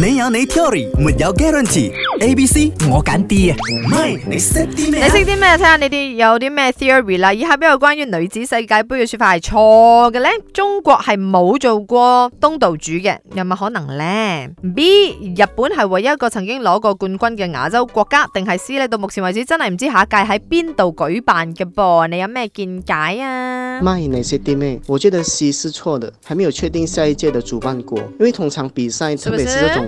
你有你 theory，沒有 guarantee。A、B、C 我揀 D 啊，唔係你識啲咩？你識啲咩？睇下你啲有啲咩 theory 啦。以下邊個關於女子世界盃嘅說法係錯嘅咧？中國係冇做過東道主嘅，有冇可能咧？B，日本係唯一一個曾經攞過冠軍嘅亞洲國家，定係 C 咧？到目前為止真係唔知下一屆喺邊度舉辦嘅噃？你有咩見解啊？MY，你識啲咩？我覺得 C 是錯嘅，還沒有確定下一屆嘅主辦國，因為同場比賽，特別是這種。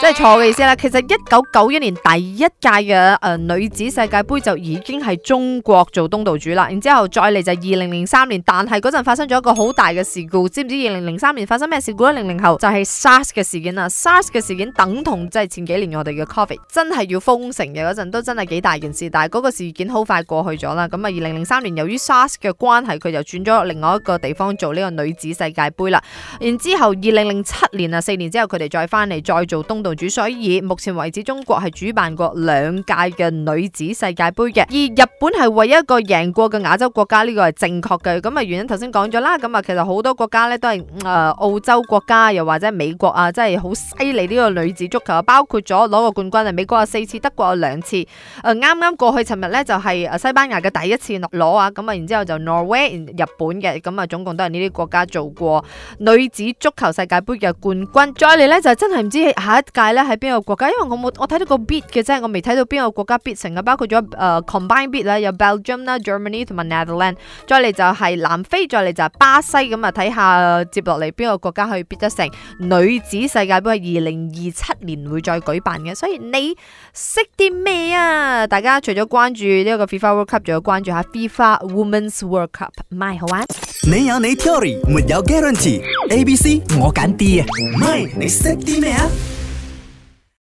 即係錯嘅意思啦。其實一九九一年第一屆嘅誒女子世界杯就已經係中國做東道主啦。然之後再嚟就二零零三年，但係嗰陣發生咗一個好大嘅事故，知唔知二零零三年發生咩事故咧？零零後就係 SARS 嘅事件啦。SARS 嘅事件等同即係前幾年我哋嘅 COVID，真係要封城嘅嗰陣都真係幾大件事。但係嗰個事件好快過去咗啦。咁啊，二零零三年由於 SARS 嘅關係，佢就轉咗另外一個地方做呢個女子世界杯啦。然之後二零零七年啊，四年之後佢哋再翻嚟再做東。所以，目前為止，中國係主辦過兩屆嘅女子世界杯嘅，而日本係唯一一個贏過嘅亞洲國家，呢、這個係正確嘅。咁啊，原因頭先講咗啦。咁啊，其實好多國家呢都係誒、呃、澳洲國家，又或者美國啊，真係好犀利呢個女子足球包括咗攞過冠軍啊，美國有四次，德國有兩次。誒、啊，啱啱過去尋日呢，就係、是、西班牙嘅第一次攞啊，咁啊，然之後就 Norway 日本嘅，咁啊，總共都係呢啲國家做過女子足球世界杯嘅冠軍。再嚟呢，就真係唔知下一啊界咧喺邊個國家？因為我冇我睇到個 bid 嘅啫，我未睇到邊個國家 bid 成啊。包括咗誒、呃、combine bid 啦，有 Belgium 啦、Germany 同埋 Netherlands。再嚟就係南非，再嚟就係巴西。咁啊，睇下接落嚟邊個國家去 bid 得成。女子世界杯係二零二七年會再舉辦嘅，所以你識啲咩啊？大家除咗關注呢個 FIFA World Cup，仲要關注下 FIFA Women's World Cup，咪好玩？你有你 theory，沒有 guarantee。A、B、C 我揀 D 啊！咪你識啲咩啊？